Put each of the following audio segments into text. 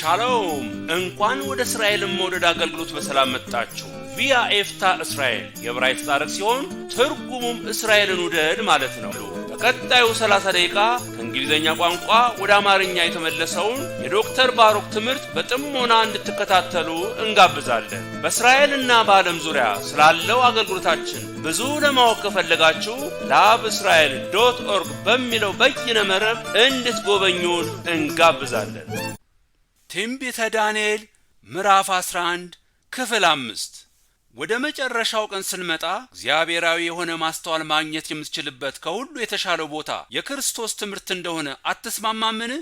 ሻሎም እንኳን ወደ እስራኤልን መውደድ አገልግሎት በሰላም መጣችሁ። ቪያ ኤፍታ እስራኤል የዕብራይስጥ ታሪክ ሲሆን ትርጉሙም እስራኤልን ውደድ ማለት ነው። በቀጣዩ 30 ደቂቃ ከእንግሊዝኛ ቋንቋ ወደ አማርኛ የተመለሰውን የዶክተር ባሮክ ትምህርት በጥሞና እንድትከታተሉ እንጋብዛለን። በእስራኤልና በዓለም ዙሪያ ስላለው አገልግሎታችን ብዙ ለማወቅ ከፈለጋችሁ ላብ እስራኤል ዶት ኦርግ በሚለው በይነ መረብ እንድትጎበኙን እንጋብዛለን። ትንቢተ ዳንኤል ምዕራፍ 11 ክፍል አምስት ወደ መጨረሻው ቀን ስንመጣ እግዚአብሔራዊ የሆነ ማስተዋል ማግኘት የምትችልበት ከሁሉ የተሻለው ቦታ የክርስቶስ ትምህርት እንደሆነ አትስማማምን?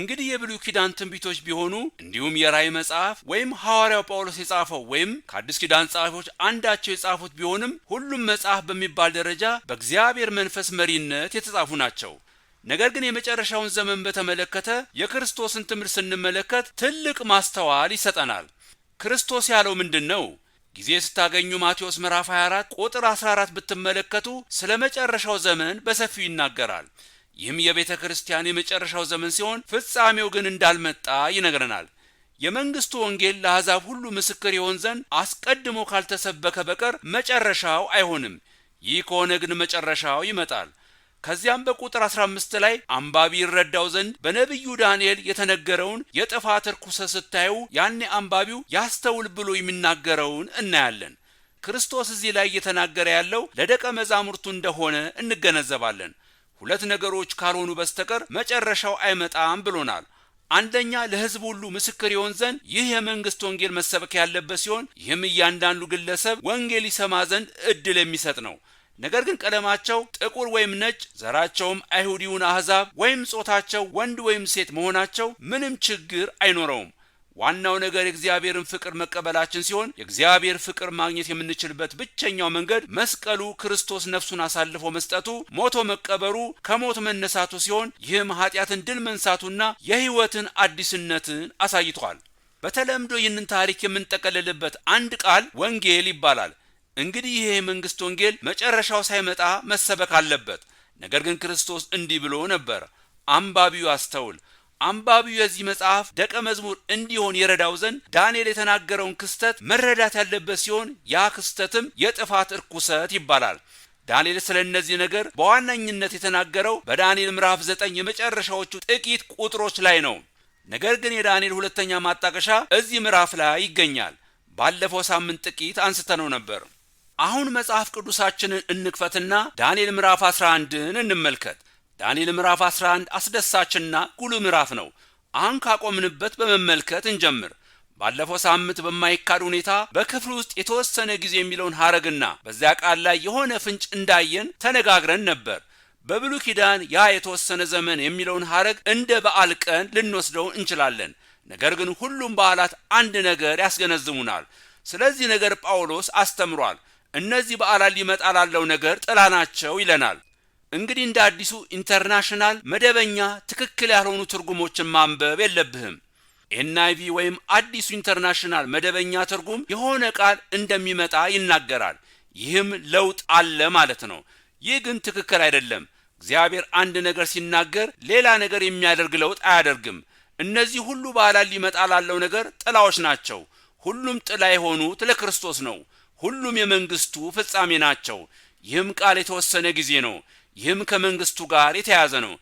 እንግዲህ የብሉይ ኪዳን ትንቢቶች ቢሆኑ እንዲሁም የራእይ መጽሐፍ ወይም ሐዋርያው ጳውሎስ የጻፈው ወይም ከአዲስ ኪዳን ጸሐፊዎች አንዳቸው የጻፉት ቢሆንም ሁሉም መጽሐፍ በሚባል ደረጃ በእግዚአብሔር መንፈስ መሪነት የተጻፉ ናቸው። ነገር ግን የመጨረሻውን ዘመን በተመለከተ የክርስቶስን ትምህርት ስንመለከት ትልቅ ማስተዋል ይሰጠናል። ክርስቶስ ያለው ምንድን ነው? ጊዜ ስታገኙ ማቴዎስ ምዕራፍ 24 ቁጥር 14 ብትመለከቱ ስለ መጨረሻው ዘመን በሰፊው ይናገራል። ይህም የቤተ ክርስቲያን የመጨረሻው ዘመን ሲሆን ፍጻሜው ግን እንዳልመጣ ይነግረናል። የመንግስቱ ወንጌል ለአሕዛብ ሁሉ ምስክር ይሆን ዘንድ አስቀድሞ ካልተሰበከ በቀር መጨረሻው አይሆንም። ይህ ከሆነ ግን መጨረሻው ይመጣል። ከዚያም በቁጥር 15 ላይ አንባቢ ይረዳው ዘንድ በነቢዩ ዳንኤል የተነገረውን የጥፋት ርኩሰ ስታዩ ያኔ አንባቢው ያስተውል ብሎ የሚናገረውን እናያለን። ክርስቶስ እዚህ ላይ እየተናገረ ያለው ለደቀ መዛሙርቱ እንደሆነ እንገነዘባለን። ሁለት ነገሮች ካልሆኑ በስተቀር መጨረሻው አይመጣም ብሎናል። አንደኛ ለሕዝብ ሁሉ ምስክር ይሆን ዘንድ ይህ የመንግስት ወንጌል መሰበክ ያለበት ሲሆን ይህም እያንዳንዱ ግለሰብ ወንጌል ይሰማ ዘንድ እድል የሚሰጥ ነው። ነገር ግን ቀለማቸው ጥቁር ወይም ነጭ፣ ዘራቸውም አይሁዲውን ይሁን አሕዛብ፣ ወይም ጾታቸው ወንድ ወይም ሴት መሆናቸው ምንም ችግር አይኖረውም። ዋናው ነገር የእግዚአብሔርን ፍቅር መቀበላችን ሲሆን የእግዚአብሔር ፍቅር ማግኘት የምንችልበት ብቸኛው መንገድ መስቀሉ፣ ክርስቶስ ነፍሱን አሳልፎ መስጠቱ፣ ሞቶ መቀበሩ፣ ከሞት መነሳቱ ሲሆን ይህም ኃጢአትን ድል መንሳቱና የሕይወትን አዲስነትን አሳይቷል። በተለምዶ ይህንን ታሪክ የምንጠቀልልበት አንድ ቃል ወንጌል ይባላል። እንግዲህ ይሄ የመንግስት ወንጌል መጨረሻው ሳይመጣ መሰበክ አለበት። ነገር ግን ክርስቶስ እንዲህ ብሎ ነበር፣ አንባቢው አስተውል። አንባቢው የዚህ መጽሐፍ ደቀ መዝሙር እንዲሆን የረዳው ዘንድ ዳንኤል የተናገረውን ክስተት መረዳት ያለበት ሲሆን ያ ክስተትም የጥፋት እርኩሰት ይባላል። ዳንኤል ስለ እነዚህ ነገር በዋነኝነት የተናገረው በዳንኤል ምዕራፍ ዘጠኝ የመጨረሻዎቹ ጥቂት ቁጥሮች ላይ ነው። ነገር ግን የዳንኤል ሁለተኛ ማጣቀሻ እዚህ ምዕራፍ ላይ ይገኛል። ባለፈው ሳምንት ጥቂት አንስተነው ነበር። አሁን መጽሐፍ ቅዱሳችንን እንክፈትና ዳንኤል ምዕራፍ 11ን እንመልከት። ዳንኤል ምዕራፍ 11 አስደሳችና ጉሉ ምዕራፍ ነው። አሁን ካቆምንበት በመመልከት እንጀምር። ባለፈው ሳምንት በማይካድ ሁኔታ በክፍል ውስጥ የተወሰነ ጊዜ የሚለውን ሐረግና በዚያ ቃል ላይ የሆነ ፍንጭ እንዳየን ተነጋግረን ነበር። በብሉይ ኪዳን ያ የተወሰነ ዘመን የሚለውን ሐረግ እንደ በዓል ቀን ልንወስደው እንችላለን። ነገር ግን ሁሉም በዓላት አንድ ነገር ያስገነዝሙናል። ስለዚህ ነገር ጳውሎስ አስተምሯል። እነዚህ በዓላት ሊመጣ ላለው ነገር ጥላ ናቸው ይለናል። እንግዲህ እንደ አዲሱ ኢንተርናሽናል መደበኛ ትክክል ያልሆኑ ትርጉሞችን ማንበብ የለብህም። ኤንአይቪ ወይም አዲሱ ኢንተርናሽናል መደበኛ ትርጉም የሆነ ቃል እንደሚመጣ ይናገራል። ይህም ለውጥ አለ ማለት ነው። ይህ ግን ትክክል አይደለም። እግዚአብሔር አንድ ነገር ሲናገር ሌላ ነገር የሚያደርግ ለውጥ አያደርግም። እነዚህ ሁሉ በዓላት ሊመጣ ላለው ነገር ጥላዎች ናቸው። ሁሉም ጥላ የሆኑት ለክርስቶስ ነው። ሁሉም የመንግስቱ ፍጻሜ ናቸው። ይህም ቃል የተወሰነ ጊዜ ነው። ይህም ከመንግስቱ ጋር የተያያዘ ነው።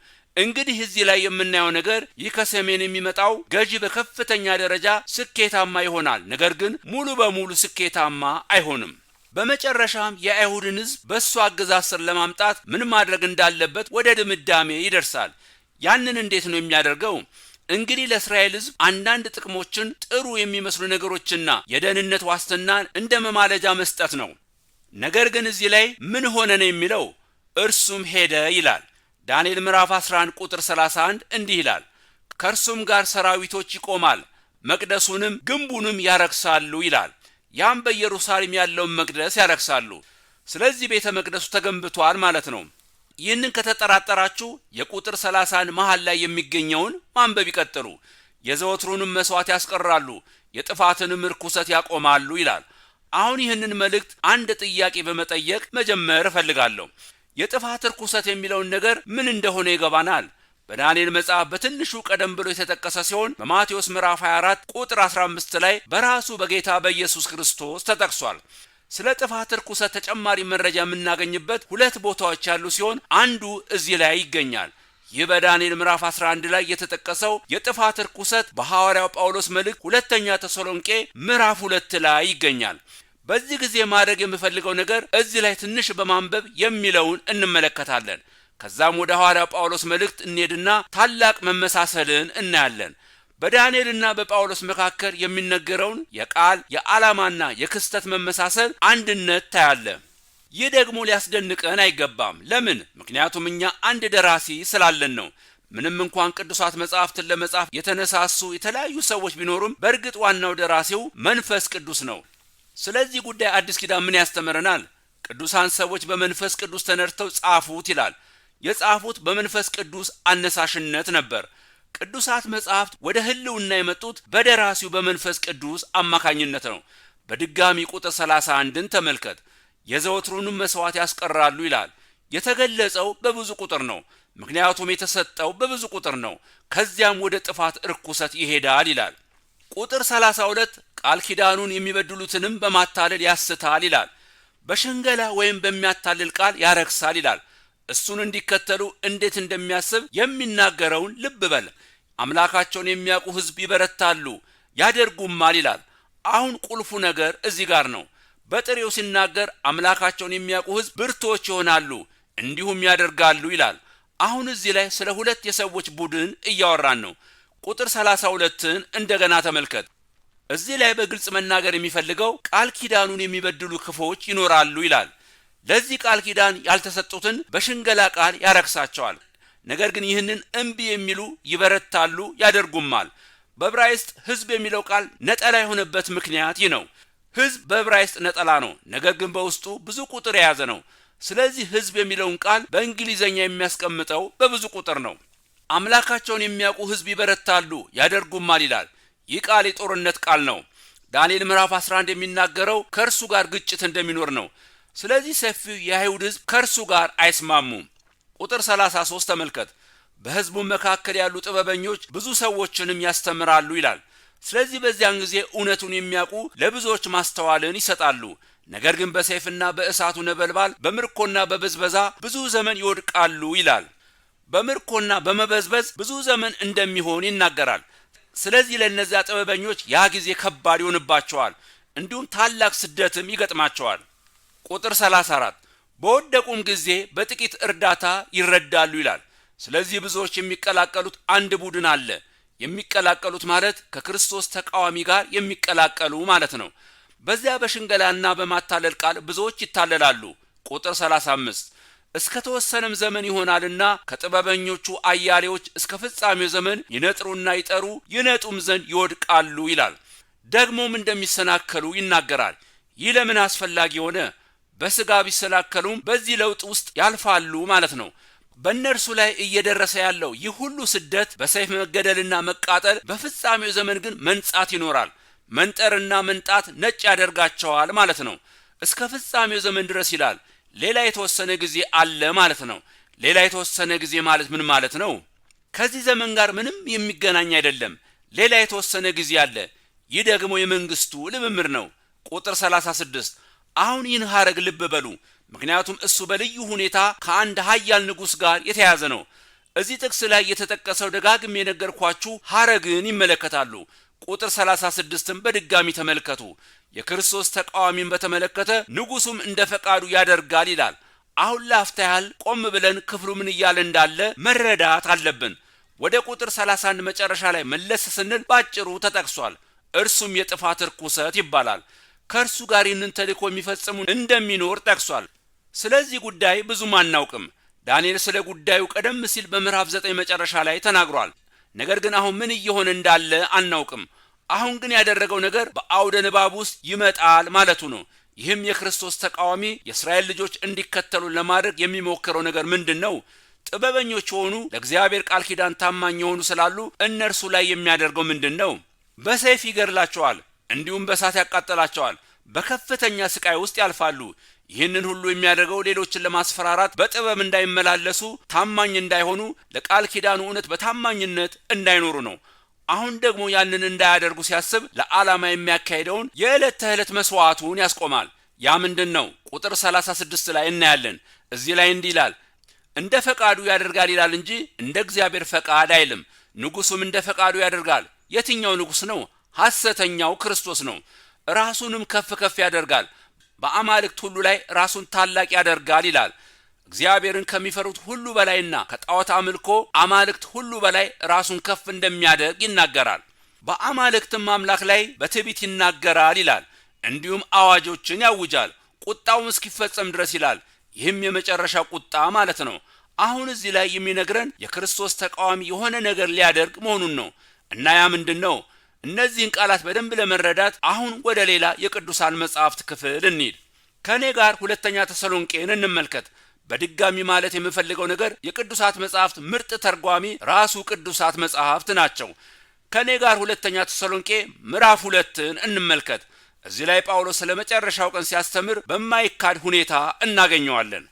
እንግዲህ እዚህ ላይ የምናየው ነገር ይህ ከሰሜን የሚመጣው ገዢ በከፍተኛ ደረጃ ስኬታማ ይሆናል፣ ነገር ግን ሙሉ በሙሉ ስኬታማ አይሆንም። በመጨረሻም የአይሁድን ሕዝብ በእሱ አገዛዝ ስር ለማምጣት ምን ማድረግ እንዳለበት ወደ ድምዳሜ ይደርሳል። ያንን እንዴት ነው የሚያደርገው? እንግዲህ ለእስራኤል ህዝብ አንዳንድ ጥቅሞችን፣ ጥሩ የሚመስሉ ነገሮችና የደህንነት ዋስትናን እንደ መማለጃ መስጠት ነው። ነገር ግን እዚህ ላይ ምን ሆነ ነው የሚለው እርሱም ሄደ ይላል። ዳንኤል ምዕራፍ 11 ቁጥር 31 እንዲህ ይላል፣ ከእርሱም ጋር ሰራዊቶች ይቆማል፣ መቅደሱንም ግንቡንም ያረክሳሉ ይላል። ያም በኢየሩሳሌም ያለውን መቅደስ ያረክሳሉ። ስለዚህ ቤተ መቅደሱ ተገንብቷል ማለት ነው። ይህንን ከተጠራጠራችሁ የቁጥር ሰላሳን መሃል ላይ የሚገኘውን ማንበብ ይቀጥሉ። የዘወትሩንም መስዋዕት ያስቀራሉ፣ የጥፋትንም ርኩሰት ያቆማሉ ይላል። አሁን ይህንን መልእክት አንድ ጥያቄ በመጠየቅ መጀመር እፈልጋለሁ። የጥፋት ርኩሰት የሚለውን ነገር ምን እንደሆነ ይገባናል። በዳንኤል መጽሐፍ በትንሹ ቀደም ብሎ የተጠቀሰ ሲሆን በማቴዎስ ምዕራፍ 24 ቁጥር 15 ላይ በራሱ በጌታ በኢየሱስ ክርስቶስ ተጠቅሷል። ስለ ጥፋት ርኩሰት ተጨማሪ መረጃ የምናገኝበት ሁለት ቦታዎች ያሉ ሲሆን አንዱ እዚህ ላይ ይገኛል። ይህ በዳንኤል ምዕራፍ 11 ላይ የተጠቀሰው የጥፋት ርኩሰት በሐዋርያው ጳውሎስ መልእክት ሁለተኛ ተሰሎንቄ ምዕራፍ ሁለት ላይ ይገኛል። በዚህ ጊዜ ማድረግ የምፈልገው ነገር እዚህ ላይ ትንሽ በማንበብ የሚለውን እንመለከታለን። ከዛም ወደ ሐዋርያው ጳውሎስ መልእክት እንሄድና ታላቅ መመሳሰልን እናያለን። በዳንኤልና በጳውሎስ መካከል የሚነገረውን የቃል የዓላማና የክስተት መመሳሰል አንድነት ታያለ። ይህ ደግሞ ሊያስደንቀን አይገባም። ለምን? ምክንያቱም እኛ አንድ ደራሲ ስላለን ነው። ምንም እንኳን ቅዱሳት መጻሕፍትን ለመጻፍ የተነሳሱ የተለያዩ ሰዎች ቢኖሩም በእርግጥ ዋናው ደራሲው መንፈስ ቅዱስ ነው። ስለዚህ ጉዳይ አዲስ ኪዳን ምን ያስተምረናል? ቅዱሳን ሰዎች በመንፈስ ቅዱስ ተነድተው ጻፉት ይላል። የጻፉት በመንፈስ ቅዱስ አነሳሽነት ነበር። ቅዱሳት መጻሕፍት ወደ ህልውና የመጡት በደራሲው በመንፈስ ቅዱስ አማካኝነት ነው። በድጋሚ ቁጥር 31ን ተመልከት። የዘወትሩንም መሥዋዕት ያስቀራሉ ይላል። የተገለጸው በብዙ ቁጥር ነው፣ ምክንያቱም የተሰጠው በብዙ ቁጥር ነው። ከዚያም ወደ ጥፋት እርኩሰት ይሄዳል ይላል። ቁጥር 32 ቃል ኪዳኑን የሚበድሉትንም በማታለል ያስታል ይላል። በሽንገላ ወይም በሚያታልል ቃል ያረክሳል ይላል። እሱን እንዲከተሉ እንዴት እንደሚያስብ የሚናገረውን ልብ በል። አምላካቸውን የሚያውቁ ሕዝብ ይበረታሉ ያደርጉማል ይላል። አሁን ቁልፉ ነገር እዚህ ጋር ነው። በጥሬው ሲናገር አምላካቸውን የሚያውቁ ሕዝብ ብርቶች ይሆናሉ እንዲሁም ያደርጋሉ ይላል። አሁን እዚህ ላይ ስለ ሁለት የሰዎች ቡድን እያወራን ነው። ቁጥር 32ን እንደገና ተመልከት። እዚህ ላይ በግልጽ መናገር የሚፈልገው ቃል ኪዳኑን የሚበድሉ ክፎች ይኖራሉ ይላል። ለዚህ ቃል ኪዳን ያልተሰጡትን በሽንገላ ቃል ያረክሳቸዋል። ነገር ግን ይህንን እምቢ የሚሉ ይበረታሉ፣ ያደርጉማል። በዕብራይስጥ ሕዝብ የሚለው ቃል ነጠላ የሆነበት ምክንያት ይህ ነው። ሕዝብ በዕብራይስጥ ነጠላ ነው፣ ነገር ግን በውስጡ ብዙ ቁጥር የያዘ ነው። ስለዚህ ሕዝብ የሚለውን ቃል በእንግሊዘኛ የሚያስቀምጠው በብዙ ቁጥር ነው። አምላካቸውን የሚያውቁ ሕዝብ ይበረታሉ፣ ያደርጉማል ይላል። ይህ ቃል የጦርነት ቃል ነው። ዳንኤል ምዕራፍ 11 የሚናገረው ከእርሱ ጋር ግጭት እንደሚኖር ነው። ስለዚህ ሰፊው የአይሁድ ህዝብ ከእርሱ ጋር አይስማሙም። ቁጥር 33 ተመልከት። በህዝቡ መካከል ያሉ ጥበበኞች ብዙ ሰዎችንም ያስተምራሉ ይላል። ስለዚህ በዚያን ጊዜ እውነቱን የሚያውቁ ለብዙዎች ማስተዋልን ይሰጣሉ። ነገር ግን በሰይፍና በእሳቱ ነበልባል በምርኮና በበዝበዛ ብዙ ዘመን ይወድቃሉ ይላል። በምርኮና በመበዝበዝ ብዙ ዘመን እንደሚሆን ይናገራል። ስለዚህ ለእነዚያ ጥበበኞች ያ ጊዜ ከባድ ይሆንባቸዋል፣ እንዲሁም ታላቅ ስደትም ይገጥማቸዋል። ቁጥር 34 በወደቁም ጊዜ በጥቂት እርዳታ ይረዳሉ ይላል። ስለዚህ ብዙዎች የሚቀላቀሉት አንድ ቡድን አለ። የሚቀላቀሉት ማለት ከክርስቶስ ተቃዋሚ ጋር የሚቀላቀሉ ማለት ነው። በዚያ በሽንገላና በማታለል ቃል ብዙዎች ይታለላሉ። ቁጥር 35 እስከ ተወሰነም ዘመን ይሆናልና ከጥበበኞቹ አያሌዎች እስከ ፍጻሜው ዘመን ይነጥሩና ይጠሩ ይነጡም ዘንድ ይወድቃሉ ይላል። ደግሞም እንደሚሰናከሉ ይናገራል። ይህ ለምን አስፈላጊ ሆነ? በስጋ ቢሰላከሉም በዚህ ለውጥ ውስጥ ያልፋሉ ማለት ነው። በእነርሱ ላይ እየደረሰ ያለው ይህ ሁሉ ስደት በሰይፍ መገደልና መቃጠል፣ በፍጻሜው ዘመን ግን መንጻት ይኖራል። መንጠርና መንጣት ነጭ ያደርጋቸዋል ማለት ነው። እስከ ፍጻሜው ዘመን ድረስ ይላል። ሌላ የተወሰነ ጊዜ አለ ማለት ነው። ሌላ የተወሰነ ጊዜ ማለት ምን ማለት ነው? ከዚህ ዘመን ጋር ምንም የሚገናኝ አይደለም። ሌላ የተወሰነ ጊዜ አለ። ይህ ደግሞ የመንግስቱ ልምምር ነው። ቁጥር 36 አሁን ይህን ሀረግ ልብ በሉ። ምክንያቱም እሱ በልዩ ሁኔታ ከአንድ ሀያል ንጉሥ ጋር የተያያዘ ነው። እዚህ ጥቅስ ላይ የተጠቀሰው ደጋግም የነገርኳችሁ ሀረግን ይመለከታሉ። ቁጥር 36 ም በድጋሚ ተመልከቱ። የክርስቶስ ተቃዋሚን በተመለከተ ንጉሡም እንደ ፈቃዱ ያደርጋል ይላል። አሁን ላፍታ ያህል ቆም ብለን ክፍሉ ምን እያለ እንዳለ መረዳት አለብን። ወደ ቁጥር 31 መጨረሻ ላይ መለስ ስንል ባጭሩ ተጠቅሷል። እርሱም የጥፋት ርኩሰት ይባላል። ከእርሱ ጋር ይህንን ተልእኮ የሚፈጽሙ እንደሚኖር ጠቅሷል። ስለዚህ ጉዳይ ብዙም አናውቅም። ዳንኤል ስለ ጉዳዩ ቀደም ሲል በምዕራፍ ዘጠኝ መጨረሻ ላይ ተናግሯል። ነገር ግን አሁን ምን እየሆነ እንዳለ አናውቅም። አሁን ግን ያደረገው ነገር በአውደ ንባብ ውስጥ ይመጣል ማለቱ ነው። ይህም የክርስቶስ ተቃዋሚ የእስራኤል ልጆች እንዲከተሉ ለማድረግ የሚሞክረው ነገር ምንድን ነው? ጥበበኞች የሆኑ ለእግዚአብሔር ቃል ኪዳን ታማኝ የሆኑ ስላሉ እነርሱ ላይ የሚያደርገው ምንድን ነው? በሰይፍ ይገድላቸዋል። እንዲሁም በእሳት ያቃጠላቸዋል። በከፍተኛ ስቃይ ውስጥ ያልፋሉ። ይህንን ሁሉ የሚያደርገው ሌሎችን ለማስፈራራት በጥበብ እንዳይመላለሱ፣ ታማኝ እንዳይሆኑ፣ ለቃል ኪዳኑ እውነት በታማኝነት እንዳይኖሩ ነው። አሁን ደግሞ ያንን እንዳያደርጉ ሲያስብ ለዓላማ የሚያካሄደውን የዕለት ተዕለት መስዋዕቱን ያስቆማል። ያ ምንድን ነው? ቁጥር 36 ላይ እናያለን። እዚህ ላይ እንዲህ ይላል፣ እንደ ፈቃዱ ያደርጋል ይላል እንጂ እንደ እግዚአብሔር ፈቃድ አይልም። ንጉሱም እንደ ፈቃዱ ያደርጋል። የትኛው ንጉስ ነው? ሐሰተኛው ክርስቶስ ነው። ራሱንም ከፍ ከፍ ያደርጋል፣ በአማልክት ሁሉ ላይ ራሱን ታላቅ ያደርጋል ይላል። እግዚአብሔርን ከሚፈሩት ሁሉ በላይና ከጣዖት አምልኮ አማልክት ሁሉ በላይ ራሱን ከፍ እንደሚያደርግ ይናገራል። በአማልክትም አምላክ ላይ በትዕቢት ይናገራል ይላል። እንዲሁም አዋጆችን ያውጃል ቁጣውም እስኪፈጸም ድረስ ይላል። ይህም የመጨረሻ ቁጣ ማለት ነው። አሁን እዚህ ላይ የሚነግረን የክርስቶስ ተቃዋሚ የሆነ ነገር ሊያደርግ መሆኑን ነው እና ያ ምንድን ነው? እነዚህን ቃላት በደንብ ለመረዳት አሁን ወደ ሌላ የቅዱሳን መጽሐፍት ክፍል እንሂድ። ከእኔ ጋር ሁለተኛ ተሰሎንቄን እንመልከት። በድጋሚ ማለት የምፈልገው ነገር የቅዱሳት መጽሐፍት ምርጥ ተርጓሚ ራሱ ቅዱሳት መጽሐፍት ናቸው። ከእኔ ጋር ሁለተኛ ተሰሎንቄ ምዕራፍ ሁለትን እንመልከት። እዚህ ላይ ጳውሎስ ስለ መጨረሻው ቀን ሲያስተምር በማይካድ ሁኔታ እናገኘዋለን።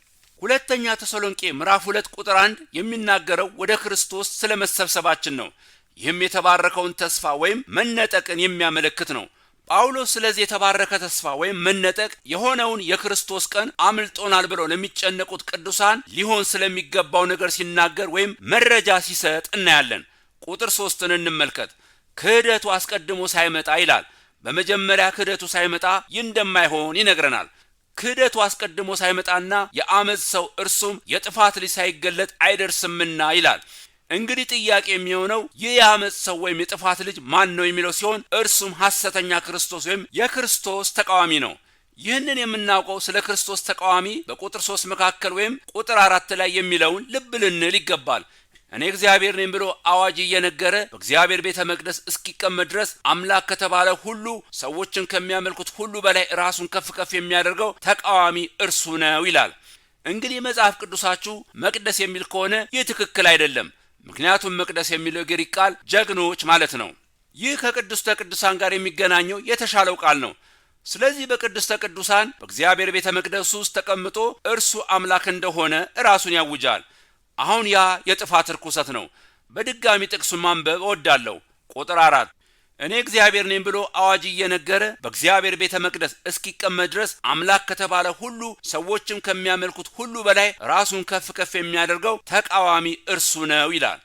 ሁለተኛ ተሰሎንቄ ምዕራፍ ሁለት ቁጥር አንድ የሚናገረው ወደ ክርስቶስ ስለ መሰብሰባችን ነው። ይህም የተባረከውን ተስፋ ወይም መነጠቅን የሚያመለክት ነው። ጳውሎስ ስለዚህ የተባረከ ተስፋ ወይም መነጠቅ የሆነውን የክርስቶስ ቀን አምልጦናል ብለው ለሚጨነቁት ቅዱሳን ሊሆን ስለሚገባው ነገር ሲናገር ወይም መረጃ ሲሰጥ እናያለን። ቁጥር ሶስትን እንመልከት። ክህደቱ አስቀድሞ ሳይመጣ ይላል። በመጀመሪያ ክህደቱ ሳይመጣ ይህ እንደማይሆን ይነግረናል። ክህደቱ አስቀድሞ ሳይመጣና የአመፅ ሰው እርሱም የጥፋት ልጅ ሳይገለጥ አይደርስምና ይላል። እንግዲህ ጥያቄ የሚሆነው ይህ የአመፅ ሰው ወይም የጥፋት ልጅ ማን ነው የሚለው ሲሆን እርሱም ሐሰተኛ ክርስቶስ ወይም የክርስቶስ ተቃዋሚ ነው። ይህንን የምናውቀው ስለ ክርስቶስ ተቃዋሚ በቁጥር ሶስት መካከል ወይም ቁጥር አራት ላይ የሚለውን ልብ ልንል ይገባል። እኔ እግዚአብሔር ነኝ ብሎ አዋጅ እየነገረ በእግዚአብሔር ቤተ መቅደስ እስኪቀመጥ ድረስ አምላክ ከተባለ ሁሉ ሰዎችን ከሚያመልኩት ሁሉ በላይ ራሱን ከፍ ከፍ የሚያደርገው ተቃዋሚ እርሱ ነው ይላል። እንግዲህ መጽሐፍ ቅዱሳችሁ መቅደስ የሚል ከሆነ ይህ ትክክል አይደለም። ምክንያቱም መቅደስ የሚለው ግሪክ ቃል ጀግኖች ማለት ነው። ይህ ከቅድስተ ቅዱሳን ጋር የሚገናኘው የተሻለው ቃል ነው። ስለዚህ በቅድስተ ቅዱሳን በእግዚአብሔር ቤተ መቅደስ ውስጥ ተቀምጦ እርሱ አምላክ እንደሆነ ራሱን ያውጃል። አሁን ያ የጥፋት ርኩሰት ነው። በድጋሚ ጥቅሱን ማንበብ እወዳለሁ። ቁጥር አራት እኔ እግዚአብሔር ነኝ ብሎ አዋጅ እየነገረ በእግዚአብሔር ቤተ መቅደስ እስኪቀመጥ ድረስ አምላክ ከተባለ ሁሉ ሰዎችም ከሚያመልኩት ሁሉ በላይ ራሱን ከፍ ከፍ የሚያደርገው ተቃዋሚ እርሱ ነው ይላል።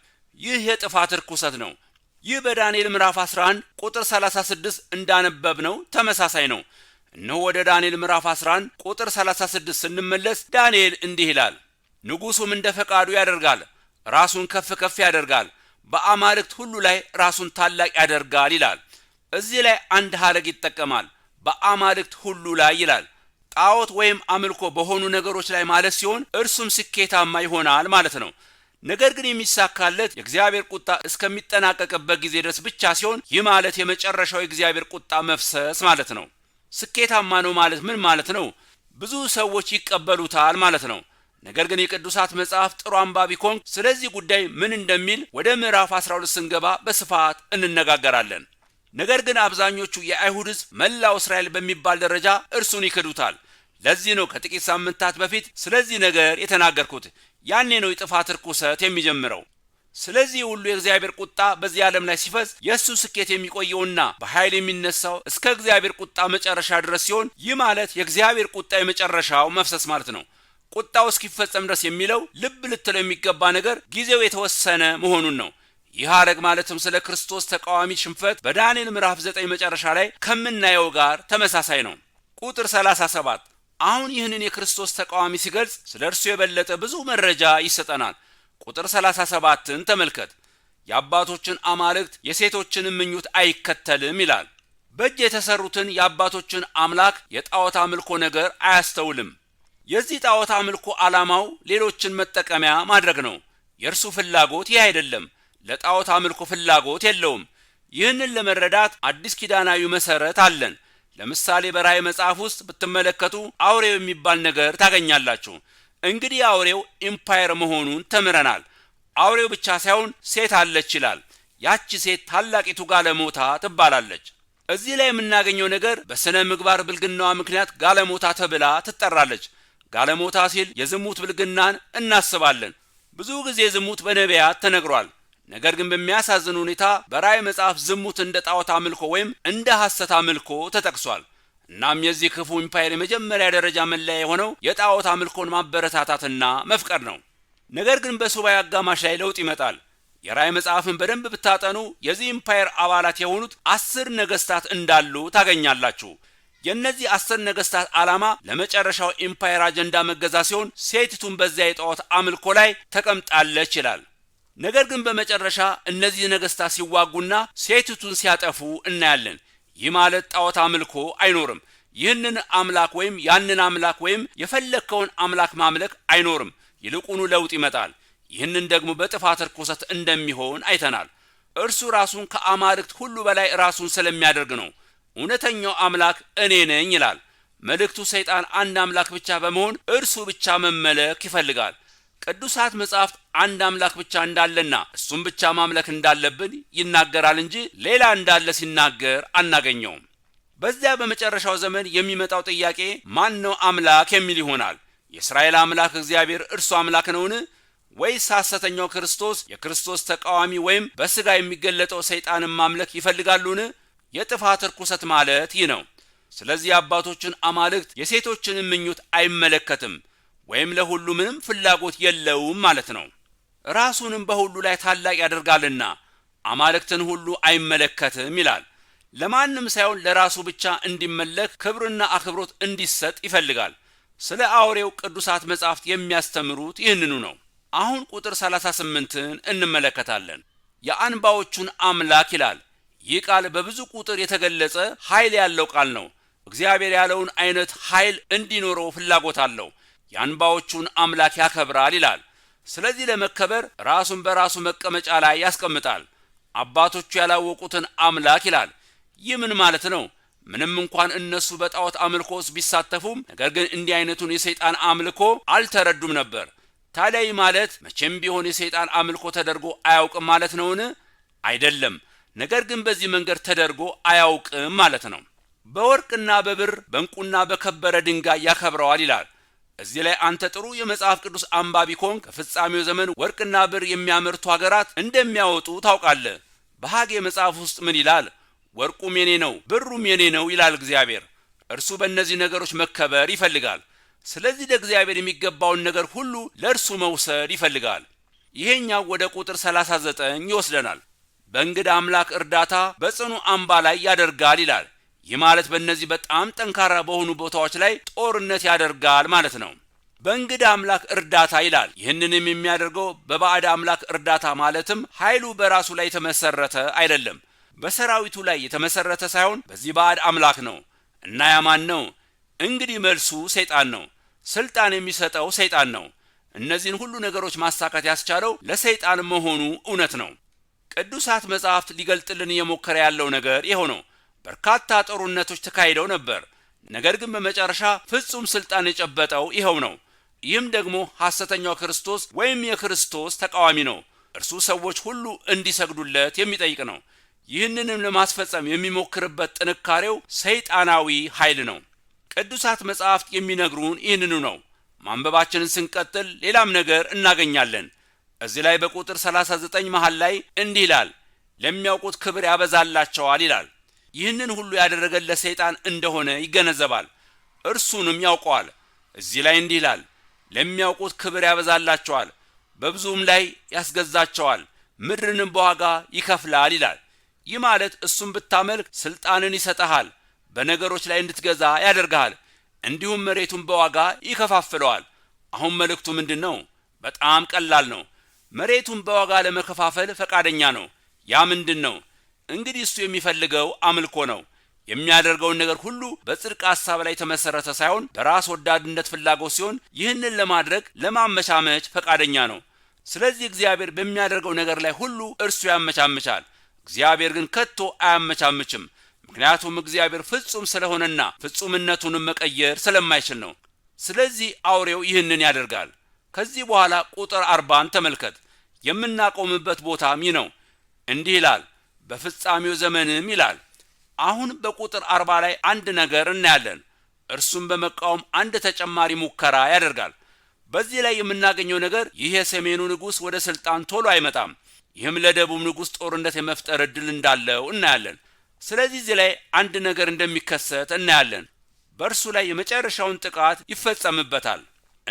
ይህ የጥፋት ርኩሰት ነው። ይህ በዳንኤል ምዕራፍ 11 ቁጥር 36 እንዳነበብ ነው ተመሳሳይ ነው። እነሆ ወደ ዳንኤል ምዕራፍ 11 ቁጥር 36 ስንመለስ ዳንኤል እንዲህ ይላል፣ ንጉሡም እንደ ፈቃዱ ያደርጋል፣ ራሱን ከፍ ከፍ ያደርጋል በአማልክት ሁሉ ላይ ራሱን ታላቅ ያደርጋል ይላል። እዚህ ላይ አንድ ሀረግ ይጠቀማል። በአማልክት ሁሉ ላይ ይላል። ጣዖት ወይም አምልኮ በሆኑ ነገሮች ላይ ማለት ሲሆን እርሱም ስኬታማ ይሆናል ማለት ነው። ነገር ግን የሚሳካለት የእግዚአብሔር ቁጣ እስከሚጠናቀቅበት ጊዜ ድረስ ብቻ ሲሆን ይህ ማለት የመጨረሻው የእግዚአብሔር ቁጣ መፍሰስ ማለት ነው። ስኬታማ ነው ማለት ምን ማለት ነው? ብዙ ሰዎች ይቀበሉታል ማለት ነው። ነገር ግን የቅዱሳት መጽሐፍ ጥሩ አንባቢ ኮንክ ስለዚህ ጉዳይ ምን እንደሚል ወደ ምዕራፍ 12 ስንገባ በስፋት እንነጋገራለን። ነገር ግን አብዛኞቹ የአይሁድ ሕዝብ መላው እስራኤል በሚባል ደረጃ እርሱን ይክዱታል። ለዚህ ነው ከጥቂት ሳምንታት በፊት ስለዚህ ነገር የተናገርኩት። ያኔ ነው የጥፋት ርኩሰት የሚጀምረው። ስለዚህ ሁሉ የእግዚአብሔር ቁጣ በዚህ ዓለም ላይ ሲፈስ የእሱ ስኬት የሚቆየውና በኃይል የሚነሳው እስከ እግዚአብሔር ቁጣ መጨረሻ ድረስ ሲሆን ይህ ማለት የእግዚአብሔር ቁጣ የመጨረሻው መፍሰስ ማለት ነው። ቁጣው እስኪፈጸም ድረስ የሚለው ልብ ልትለው የሚገባ ነገር ጊዜው የተወሰነ መሆኑን ነው። ይህ አረግ ማለትም ስለ ክርስቶስ ተቃዋሚ ሽንፈት በዳንኤል ምዕራፍ 9 መጨረሻ ላይ ከምናየው ጋር ተመሳሳይ ነው። ቁጥር 37 አሁን ይህንን የክርስቶስ ተቃዋሚ ሲገልጽ ስለ እርሱ የበለጠ ብዙ መረጃ ይሰጠናል። ቁጥር 37ን ተመልከት። የአባቶችን አማልክት የሴቶችን ምኞት አይከተልም ይላል። በእጅ የተሰሩትን የአባቶችን አምላክ የጣዖት አምልኮ ነገር አያስተውልም። የዚህ ጣዖት አምልኮ ዓላማው ሌሎችን መጠቀሚያ ማድረግ ነው። የእርሱ ፍላጎት ይህ አይደለም። ለጣዖት አምልኮ ፍላጎት የለውም። ይህንን ለመረዳት አዲስ ኪዳናዊ መሰረት አለን። ለምሳሌ በራእይ መጽሐፍ ውስጥ ብትመለከቱ አውሬው የሚባል ነገር ታገኛላችሁ። እንግዲህ አውሬው ኢምፓየር መሆኑን ተምረናል። አውሬው ብቻ ሳይሆን ሴት አለች ይላል። ያቺ ሴት ታላቂቱ ጋለሞታ ትባላለች። እዚህ ላይ የምናገኘው ነገር በሥነ ምግባር ብልግናዋ ምክንያት ጋለሞታ ተብላ ትጠራለች። ጋለሞታ ሲል የዝሙት ብልግናን እናስባለን። ብዙ ጊዜ ዝሙት በነቢያት ተነግሯል። ነገር ግን በሚያሳዝን ሁኔታ በራእይ መጽሐፍ ዝሙት እንደ ጣዖት አምልኮ ወይም እንደ ሐሰት አምልኮ ተጠቅሷል። እናም የዚህ ክፉ ኢምፓየር የመጀመሪያ ደረጃ መለያ የሆነው የጣዖት አምልኮን ማበረታታትና መፍቀድ ነው። ነገር ግን በሱባኤ አጋማሽ ላይ ለውጥ ይመጣል። የራእይ መጽሐፍን በደንብ ብታጠኑ የዚህ ኢምፓየር አባላት የሆኑት አስር ነገስታት እንዳሉ ታገኛላችሁ። የእነዚህ አስር ነገስታት ዓላማ ለመጨረሻው ኢምፓየር አጀንዳ መገዛ ሲሆን ሴቲቱን በዚያ የጣዖት አምልኮ ላይ ተቀምጣለች ይላል። ነገር ግን በመጨረሻ እነዚህ ነገስታት ሲዋጉና ሴቲቱን ሲያጠፉ እናያለን። ይህ ማለት ጣዖት አምልኮ አይኖርም። ይህንን አምላክ ወይም ያንን አምላክ ወይም የፈለግከውን አምላክ ማምለክ አይኖርም። ይልቁኑ ለውጥ ይመጣል። ይህንን ደግሞ በጥፋት ርኩሰት እንደሚሆን አይተናል። እርሱ ራሱን ከአማልክት ሁሉ በላይ ራሱን ስለሚያደርግ ነው። እውነተኛው አምላክ እኔ ነኝ ይላል። መልእክቱ ሰይጣን አንድ አምላክ ብቻ በመሆን እርሱ ብቻ መመለክ ይፈልጋል። ቅዱሳት መጻሕፍት አንድ አምላክ ብቻ እንዳለና እሱም ብቻ ማምለክ እንዳለብን ይናገራል እንጂ ሌላ እንዳለ ሲናገር አናገኘውም። በዚያ በመጨረሻው ዘመን የሚመጣው ጥያቄ ማን ነው አምላክ የሚል ይሆናል። የእስራኤል አምላክ እግዚአብሔር እርሱ አምላክ ነውን? ወይስ ሐሰተኛው ክርስቶስ፣ የክርስቶስ ተቃዋሚ ወይም በሥጋ የሚገለጠው ሰይጣንን ማምለክ ይፈልጋሉን? የጥፋት ርኩሰት ማለት ይህ ነው። ስለዚህ አባቶችን አማልክት የሴቶችንም ምኞት አይመለከትም ወይም ለሁሉ ምንም ፍላጎት የለውም ማለት ነው። ራሱንም በሁሉ ላይ ታላቅ ያደርጋልና አማልክትን ሁሉ አይመለከትም ይላል። ለማንም ሳይሆን ለራሱ ብቻ እንዲመለክ ክብርና አክብሮት እንዲሰጥ ይፈልጋል። ስለ አውሬው ቅዱሳት መጻሕፍት የሚያስተምሩት ይህንኑ ነው። አሁን ቁጥር 38ን እንመለከታለን። የአንባዎቹን አምላክ ይላል። ይህ ቃል በብዙ ቁጥር የተገለጸ ኃይል ያለው ቃል ነው። እግዚአብሔር ያለውን አይነት ኃይል እንዲኖረው ፍላጎት አለው። የአንባዎቹን አምላክ ያከብራል ይላል። ስለዚህ ለመከበር ራሱን በራሱ መቀመጫ ላይ ያስቀምጣል። አባቶቹ ያላወቁትን አምላክ ይላል። ይህ ምን ማለት ነው? ምንም እንኳን እነሱ በጣዖት አምልኮ ውስጥ ቢሳተፉም ነገር ግን እንዲህ አይነቱን የሰይጣን አምልኮ አልተረዱም ነበር። ታዲያ ይህ ማለት መቼም ቢሆን የሰይጣን አምልኮ ተደርጎ አያውቅም ማለት ነውን? አይደለም። ነገር ግን በዚህ መንገድ ተደርጎ አያውቅም ማለት ነው። በወርቅና በብር በእንቁና በከበረ ድንጋይ ያከብረዋል ይላል። እዚህ ላይ አንተ ጥሩ የመጽሐፍ ቅዱስ አንባቢ ኮንክ ከፍጻሜው ዘመን ወርቅና ብር የሚያመርቱ ሀገራት እንደሚያወጡ ታውቃለህ። በሐጌ መጽሐፍ ውስጥ ምን ይላል? ወርቁም የኔ ነው ብሩም የኔ ነው ይላል እግዚአብሔር። እርሱ በእነዚህ ነገሮች መከበር ይፈልጋል። ስለዚህ ለእግዚአብሔር የሚገባውን ነገር ሁሉ ለእርሱ መውሰድ ይፈልጋል። ይሄኛው ወደ ቁጥር 39 ይወስደናል። በእንግዳ አምላክ እርዳታ በጽኑ አምባ ላይ ያደርጋል ይላል። ይህ ማለት በእነዚህ በጣም ጠንካራ በሆኑ ቦታዎች ላይ ጦርነት ያደርጋል ማለት ነው። በእንግዳ አምላክ እርዳታ ይላል። ይህንንም የሚያደርገው በባዕድ አምላክ እርዳታ ማለትም ኃይሉ በራሱ ላይ የተመሰረተ አይደለም፣ በሰራዊቱ ላይ የተመሰረተ ሳይሆን በዚህ ባዕድ አምላክ ነው እና ያማን ነው። እንግዲህ መልሱ ሰይጣን ነው። ስልጣን የሚሰጠው ሰይጣን ነው። እነዚህን ሁሉ ነገሮች ማሳካት ያስቻለው ለሰይጣን መሆኑ እውነት ነው። ቅዱሳት መጽሐፍት ሊገልጥልን እየሞከረ ያለው ነገር ይኸው ነው። በርካታ ጦርነቶች ተካሂደው ነበር። ነገር ግን በመጨረሻ ፍጹም ስልጣን የጨበጠው ይኸው ነው። ይህም ደግሞ ሐሰተኛው ክርስቶስ ወይም የክርስቶስ ተቃዋሚ ነው። እርሱ ሰዎች ሁሉ እንዲሰግዱለት የሚጠይቅ ነው። ይህንንም ለማስፈጸም የሚሞክርበት ጥንካሬው ሰይጣናዊ ኃይል ነው። ቅዱሳት መጽሐፍት የሚነግሩን ይህንኑ ነው። ማንበባችንን ስንቀጥል ሌላም ነገር እናገኛለን። እዚህ ላይ በቁጥር 39 መሃል ላይ እንዲህ ይላል፣ ለሚያውቁት ክብር ያበዛላቸዋል ይላል። ይህንን ሁሉ ያደረገለት ሰይጣን እንደሆነ ይገነዘባል፣ እርሱንም ያውቀዋል። እዚህ ላይ እንዲህ ይላል፣ ለሚያውቁት ክብር ያበዛላቸዋል፣ በብዙም ላይ ያስገዛቸዋል፣ ምድርንም በዋጋ ይከፍላል ይላል። ይህ ማለት እሱን ብታመልክ ስልጣንን ይሰጠሃል፣ በነገሮች ላይ እንድትገዛ ያደርግሃል፣ እንዲሁም መሬቱን በዋጋ ይከፋፍለዋል። አሁን መልእክቱ ምንድን ነው? በጣም ቀላል ነው። መሬቱን በዋጋ ለመከፋፈል ፈቃደኛ ነው። ያ ምንድን ነው? እንግዲህ እሱ የሚፈልገው አምልኮ ነው። የሚያደርገውን ነገር ሁሉ በጽድቅ ሐሳብ ላይ የተመሰረተ ሳይሆን በራስ ወዳድነት ፍላጎት ሲሆን ይህንን ለማድረግ ለማመቻመች ፈቃደኛ ነው። ስለዚህ እግዚአብሔር በሚያደርገው ነገር ላይ ሁሉ እርሱ ያመቻምቻል። እግዚአብሔር ግን ከቶ አያመቻምችም። ምክንያቱም እግዚአብሔር ፍጹም ስለሆነና ፍጹምነቱንም መቀየር ስለማይችል ነው። ስለዚህ አውሬው ይህንን ያደርጋል። ከዚህ በኋላ ቁጥር አርባን ተመልከት። የምናቆምበት ቦታም ይህ ነው። እንዲህ ይላል፣ በፍጻሜው ዘመንም ይላል። አሁን በቁጥር አርባ ላይ አንድ ነገር እናያለን። እርሱም በመቃወም አንድ ተጨማሪ ሙከራ ያደርጋል። በዚህ ላይ የምናገኘው ነገር ይህ የሰሜኑ ንጉሥ ወደ ስልጣን ቶሎ አይመጣም። ይህም ለደቡብ ንጉሥ ጦርነት የመፍጠር እድል እንዳለው እናያለን። ስለዚህ እዚህ ላይ አንድ ነገር እንደሚከሰት እናያለን። በእርሱ ላይ የመጨረሻውን ጥቃት ይፈጸምበታል።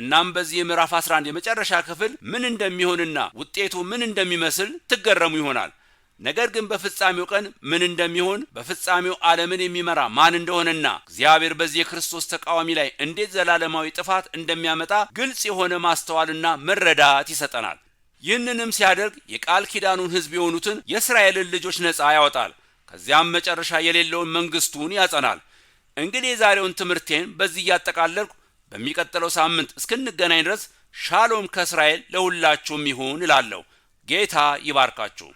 እናም በዚህ የምዕራፍ 11 የመጨረሻ ክፍል ምን እንደሚሆንና ውጤቱ ምን እንደሚመስል ትገረሙ ይሆናል። ነገር ግን በፍጻሜው ቀን ምን እንደሚሆን በፍጻሜው ዓለምን የሚመራ ማን እንደሆነና እግዚአብሔር በዚህ የክርስቶስ ተቃዋሚ ላይ እንዴት ዘላለማዊ ጥፋት እንደሚያመጣ ግልጽ የሆነ ማስተዋልና መረዳት ይሰጠናል። ይህንንም ሲያደርግ የቃል ኪዳኑን ሕዝብ የሆኑትን የእስራኤልን ልጆች ነፃ ያወጣል። ከዚያም መጨረሻ የሌለውን መንግስቱን ያጸናል። እንግዲህ የዛሬውን ትምህርቴን በዚህ እያጠቃለልኩ በሚቀጥለው ሳምንት እስክንገናኝ ድረስ ሻሎም ከእስራኤል ለሁላችሁም ይሁን እላለሁ። ጌታ ይባርካችሁ።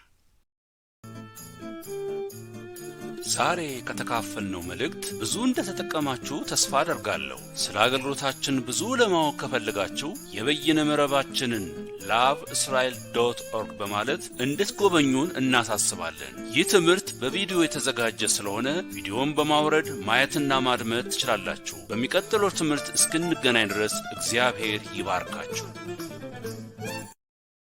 ዛሬ ከተካፈልነው መልእክት ብዙ እንደተጠቀማችሁ ተስፋ አደርጋለሁ። ስለ አገልግሎታችን ብዙ ለማወቅ ከፈልጋችሁ የበይነ መረባችንን ላቭ እስራኤል ዶት ኦርግ በማለት እንድትጎበኙን እናሳስባለን። ይህ ትምህርት በቪዲዮ የተዘጋጀ ስለሆነ ቪዲዮን በማውረድ ማየትና ማድመጥ ትችላላችሁ። በሚቀጥለው ትምህርት እስክንገናኝ ድረስ እግዚአብሔር ይባርካችሁ።